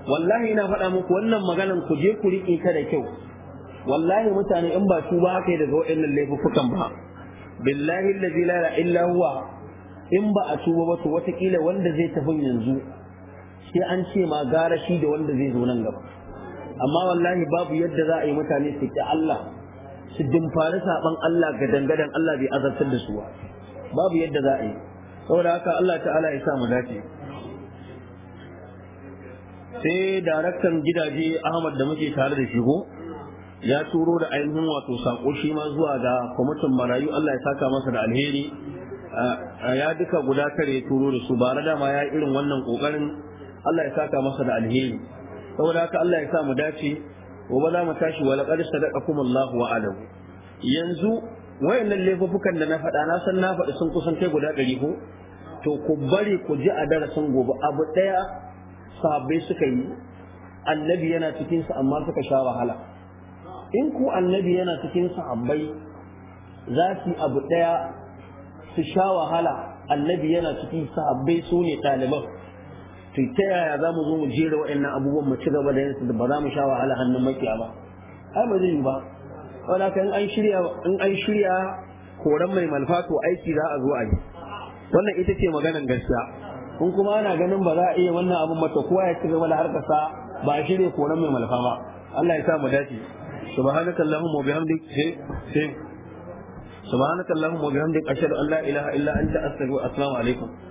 wallahi ina faɗa muku wannan maganan ku je ku riƙe ta da kyau wallahi mutane in ba tuba aka yi daga waɗannan laifukan ba billahi allazi la ilaha illa huwa in ba a tuba ba to watakila wanda zai tafi yanzu shi an ce ma gara shi da wanda zai zo nan gaba amma wallahi babu yadda za a yi mutane su ki Allah su dimfari saban Allah ga dangadan Allah bai azartar da su babu yadda za a yi saboda haka Allah ta'ala ya sa mu dace sai daraktan gidaje Ahmad da muke tare da shi ko ya turo da ainihin wato sako shi ma zuwa ga kwamitin marayu Allah ya saka masa da alheri ya duka guda tare ya turo da su ba na dama ya irin wannan kokarin Allah ya saka masa da alheri saboda haka Allah ya sa mu dace gobe za mu tashi wa sadaka sadaqakum Allahu wa alam yanzu wayannan laifukan da na faɗa na san na faɗi sun kusan kai guda ɗari ko to ku bari ku ji a darasin gobe abu ɗaya sahabbai suka yi annabi yana cikin su amma suka sha wahala in ku annabi yana cikin sahabbai za su abu ɗaya su sha wahala annabi yana cikin sahabbai su ne ɗaliban to ta yaya za mu zo mu jera waɗannan abubuwan mu ci gaba da yansu ba za mu sha wahala hannun makiya ba ai ba zai yi ba wala kan an shirya in an shirya koran mai malfa to aiki za a zo a yi wannan ita ce maganar gaskiya in kuma ana ganin ba za a iya wannan abun mata kowa ya ci gaba da harkarsa ba a shirya koran mai malfa ba Allah ya sa mu dace subhanakallahumma wa bihamdik sai subhanakallahumma wa bihamdik ashhadu an la ilaha illa anta astaghfiruka wa assalamu alaikum